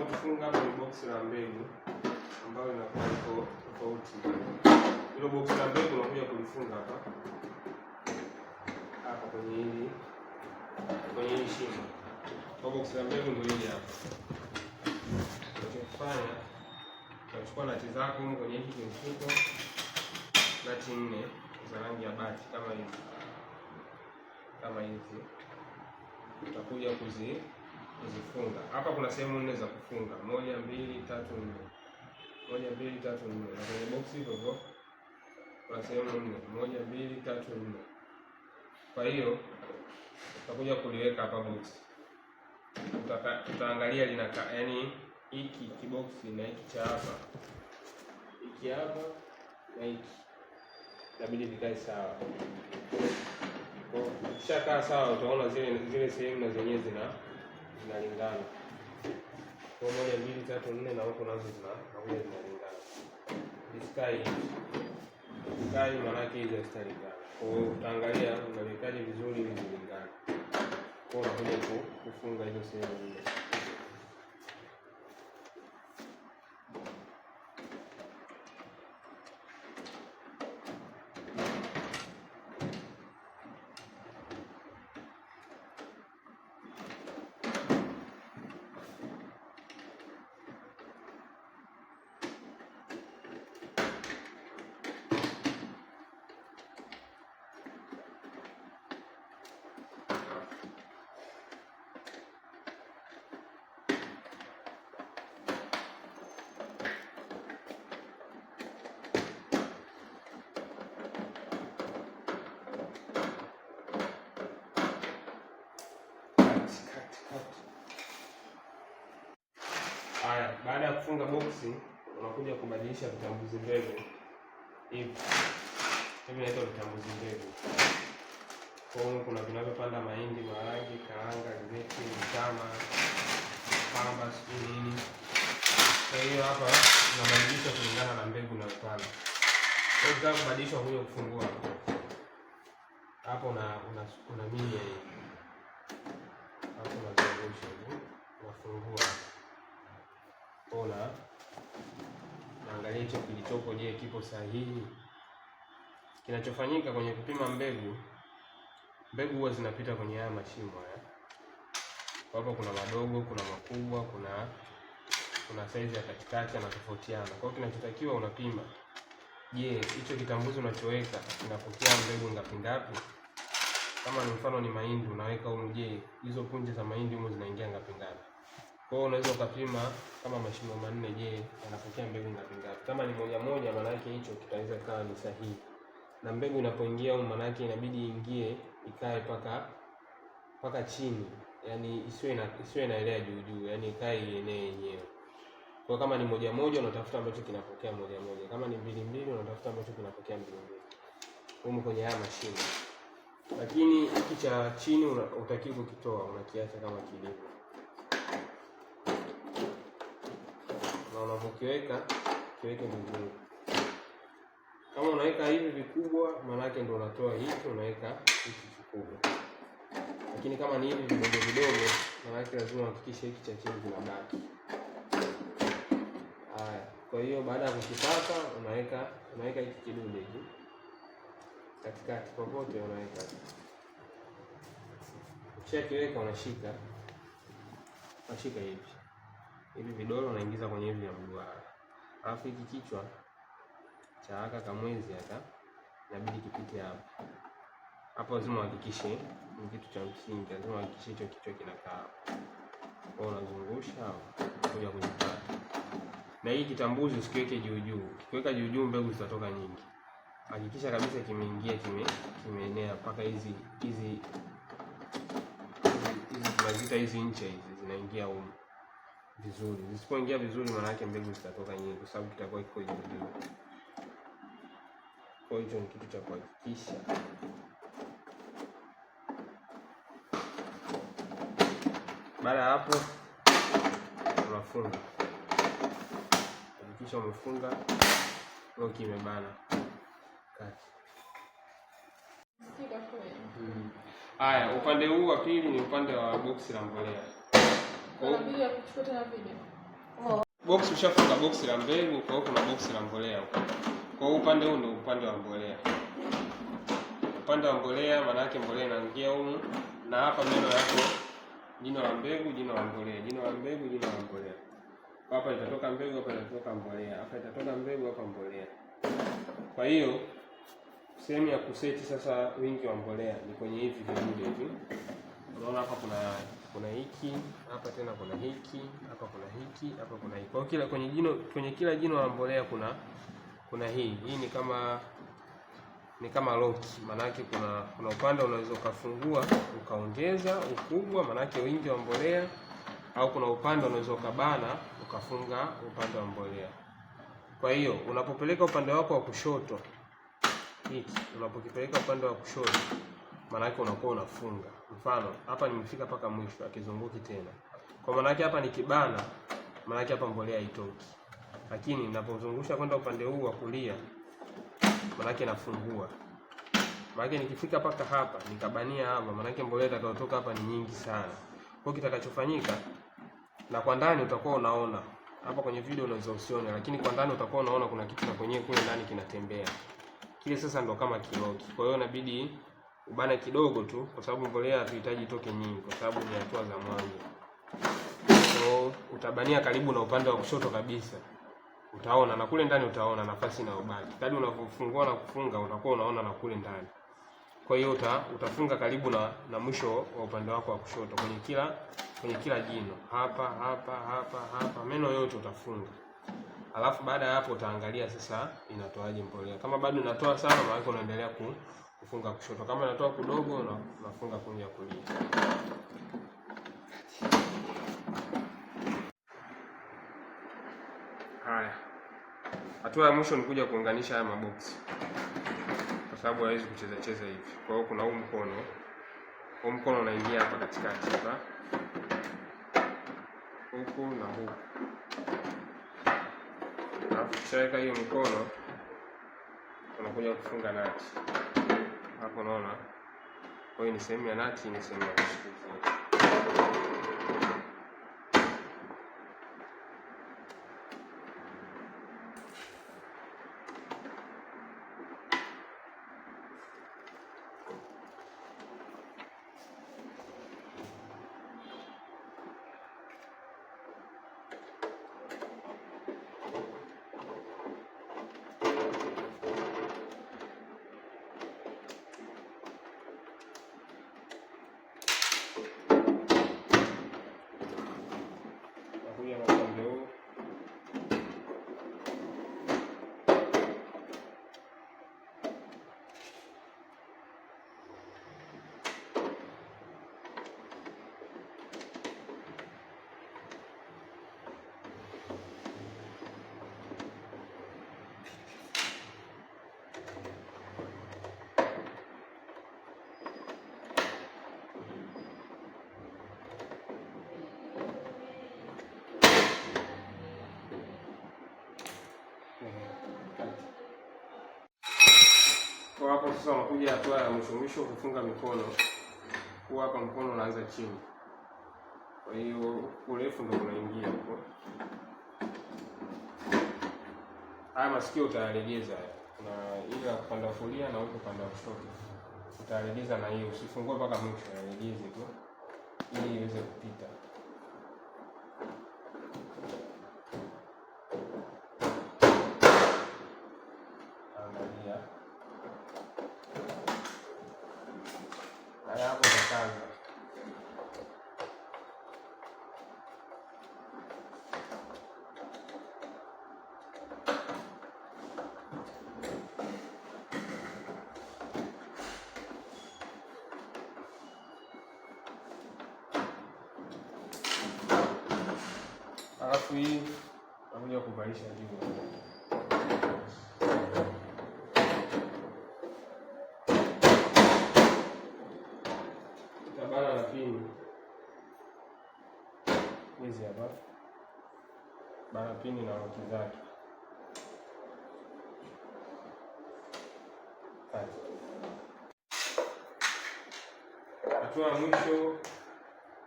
tunaotufunga kufunga ni box la mbegu ambayo inakuwa iko tofauti. Hilo box la mbegu unakuja kulifunga hapa hapa kwenye hili kwenye hili shimo. Kwa box la mbegu ndio hili hapa. Tunachofanya tunachukua nati zako huko kwenye hiki kimfuko, nati nne za rangi ya bati kama hivi kama hivi, utakuja kuzi kuzifunga. Hapa kuna sehemu nne za kufunga: moja, mbili, tatu, nne. Moja, mbili, tatu, nne. Na kwenye boksi hivyo hivyo kuna sehemu nne: moja, mbili, tatu, nne. Kwa hiyo tutakuja kuliweka hapa boksi, tutaangalia linakaa, yaani hiki kiboksi na hiki cha hapa, hiki hapa na hiki inabidi vikae sawa. Ukishakaa sawa, utaona zile zile sehemu na zenyewe zina zinalingana kwa moja, mbili, tatu, nne na huko nazo zinakuja zinalingana. Sky sky maana yake hizo zitalingana, kwa hiyo utaangalia unavikaji vizuri ili zilingane, kwa hiyo unakuja kufunga hizo sehemu nne. Haya, baada ya kufunga boksi unakuja kubadilisha vitambuzi mbegu hivi hivi, naitwa vitambuzi mbegu. Kwa hiyo kuna vinavyopanda mahindi, maharage, karanga, limeti, mtama, pamba, sijui nini. Kwa hiyo hapa unabadilisha kulingana na mbegu unayopanda. Kwa hiyo ukitaka kubadilisha huyo kufungua hapo, una una, una minya hii hapo, unazungusha unafungua ona, naangalia hicho kilichopo, je, kipo sahihi? Kinachofanyika kwenye kupima mbegu, mbegu huwa zinapita kwenye haya mashimo haya. Eh. Hapo kuna madogo, kuna makubwa, kuna kuna saizi ya katikati anatofautiana. Kwa hiyo kinachotakiwa unapima, je, hicho kitambuzi unachoweka kinapokea mbegu ngapi ngapi? Kama ni mfano ni mahindi unaweka huko, je, hizo punje za mahindi huko zinaingia ngapi ngapi? Kwa hiyo unaweza ukapima kama mashimo manne, je, yanapokea mbegu ngapi ngapi? Kama ni moja moja, maana yake hicho kitaweza kawa ni sahihi, na mbegu inapoingia huko, maana yake inabidi ingie ikae paka paka chini, yani isiwe na isiwe inaelea juu juu, yani ikae ienee yenyewe. Kwa kama ni moja moja, unatafuta ambacho kinapokea moja moja. Kama ni mbili mbili, unatafuta ambacho kinapokea mbili mbili, huko kwenye haya mashimo. Lakini hiki cha chini utaki kukitoa, unakiacha kama kilivyo. unapokiweka kiweke vizuri. Kama unaweka hivi vikubwa, maana yake ndio unatoa hivi unaweka hiki kikubwa, lakini kama ni hivi vidogo vidogo, maana yake lazima uhakikishe hiki cha chini kinabaki. Haya, kwa hiyo baada ya kukipaka, unaweka unaweka hiki kidude hiki katikati, popote unaweka kisha kiweka, unashika unashika hivi hivi vidole unaingiza kwenye hivi vya mduara, alafu hiki kichwa cha haka kamwezi haka inabidi kipite hapa hapa. Lazima uhakikishe, ni kitu cha msingi, lazima uhakikishe hicho kichwa kinakaa hapo. Kwa unazungusha kuja kujipata na hii kitambuzi usikiweke juu juu. kiweka juu juu mbegu zitatoka nyingi. Hakikisha kabisa kimeingia, kime kimeenea mpaka hizi hizi hizi tunazita hizi ncha hizi zinaingia huko vizuri. Zisipoingia vizuri, maana yake mbegu zitatoka nyingi, kwa sababu kitakuwa kiko juu juu. Kwa hiyo ni kitu cha kuhakikisha baada ya hapo unafunga, hakikisha umefunga loki imebana kati. Hmm. Haya, upande huu wa pili ni upande wa boksi la mbolea. Oh. box ushafunga box la mbegu, kwa hiyo kuna box la mbolea huko. Kwa hiyo upande huu ndio upande wa mbolea. Upande wa mbolea maana yake mbolea inaingia huko na hapa meno yako jino la mbegu, jino la mbolea, jino la mbegu, jino la mbolea. Hapa itatoka mbegu, hapa itatoka mbolea, hapa itatoka mbegu, hapa mbolea. Kwa hiyo sehemu ya kuseti sasa wingi wa mbolea ni kwenye hivi vidude hivi. Unaona hapa kuna kuna hiki hapa, tena kuna hiki hapa, kuna hiki hapa, kuna hiki. Kwa kila kwenye jino, kwenye kila jino la mbolea kuna kuna hii hii ni kama ni kama maana yake kuna kuna upande unaweza ukafungua ukaongeza ukubwa, yake wingi wa mbolea, au kuna upande unaweza ukabana ukafunga upande wa mbolea. Kwa hiyo unapopeleka upande wako wa kushoto hiki unapokipeleka upande wa kushoto maana yake unakuwa unafunga. Mfano hapa nimefika mpaka mwisho, akizunguki tena. Kwa maana yake hapa ni kibana, maana yake hapa mbolea haitoki. Lakini ninapozungusha kwenda upande huu wa kulia, maana yake nafungua. Maana yake nikifika mpaka hapa, nikabania hapa, maana yake mbolea itakayotoka hapa ni nyingi sana. Kwa kitakachofanyika na kwa ndani utakuwa unaona hapa kwenye video unaweza usione, lakini kwa ndani utakuwa unaona kuna kitu na kwenye kule ndani kinatembea. Kile sasa ndo kama kiroki. Kwa hiyo inabidi ubana kidogo tu, kwa sababu mbolea hatuhitaji toke nyingi, kwa sababu ni hatua za mwanzo. So utabania karibu na upande wa kushoto kabisa, utaona na kule ndani utaona nafasi inayobaki. kadi unavyofungua na kufunga, unakuwa unaona na kule ndani. Kwa hiyo uta, utafunga karibu na, na mwisho wa upande wako wa kushoto kwenye kila kwenye kila jino, hapa hapa hapa hapa, meno yote utafunga. Alafu baada ya hapo utaangalia sasa inatoaje mbolea. Kama bado inatoa sana, maana unaendelea kufunga kushoto. Kama inatoa kudogo, unafunga kunja kulia. Haya, hatua ya mwisho ni kuja kuunganisha haya maboksi, kwa sababu hawezi kucheza cheza hivi. Kwa hiyo kuna huu mkono, huu mkono unaingia hapa katikati hapa, huku na huku Ukishaweka hiyo mikono, unakuja kufunga nati hapo. Unaona, kwa hiyo ni sehemu ya nati, ni sehemu ya kushikilia. ambapo sasa unakuja hatua ya mwisho mwisho kufunga mikono, kuwa hapa mkono unaanza chini, kwa hiyo urefu ndo unaingia huko. Haya masikio utayalegeza na ile ya kupanda kulia na huko upande wa kushoto utayalegeza, na hiyo usifungue mpaka mwisho, yalegeze tu ili iweze kupita. 大家注意，咱们要购买一些这个。hizi hapa barapini na roki zake. Hatua ya mwisho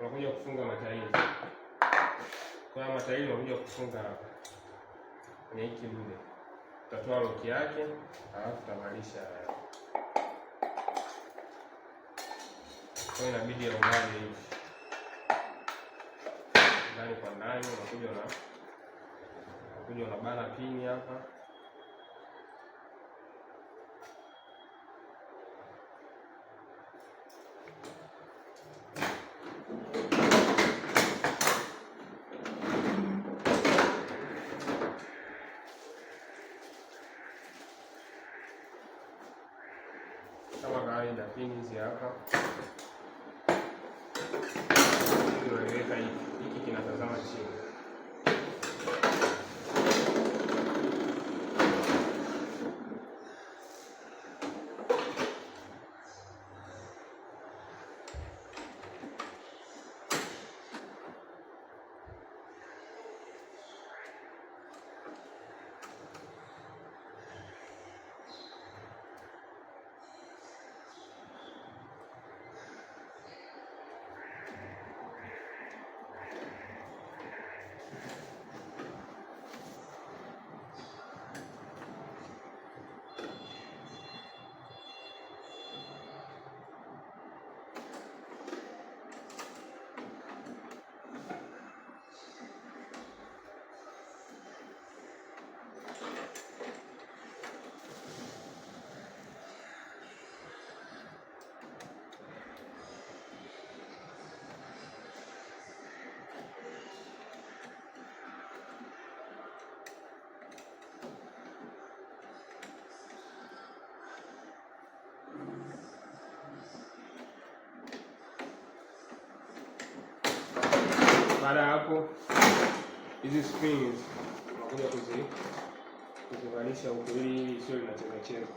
unakuja kufunga matairi. Kwa matairi unakuja kufunga hapa kwenye hiki lile, utatoa roki yake alafu utamalisha haya, kwa inabidi ya hivi ndani kwa ndani, unakuja na unakuja na bana pini hapa kama kawaida, pini hizi hapa. 際生きてなさざましい Baada ya hapo, hizi springs unakuja kuzivanisha huku ili isiwe linachezacheza.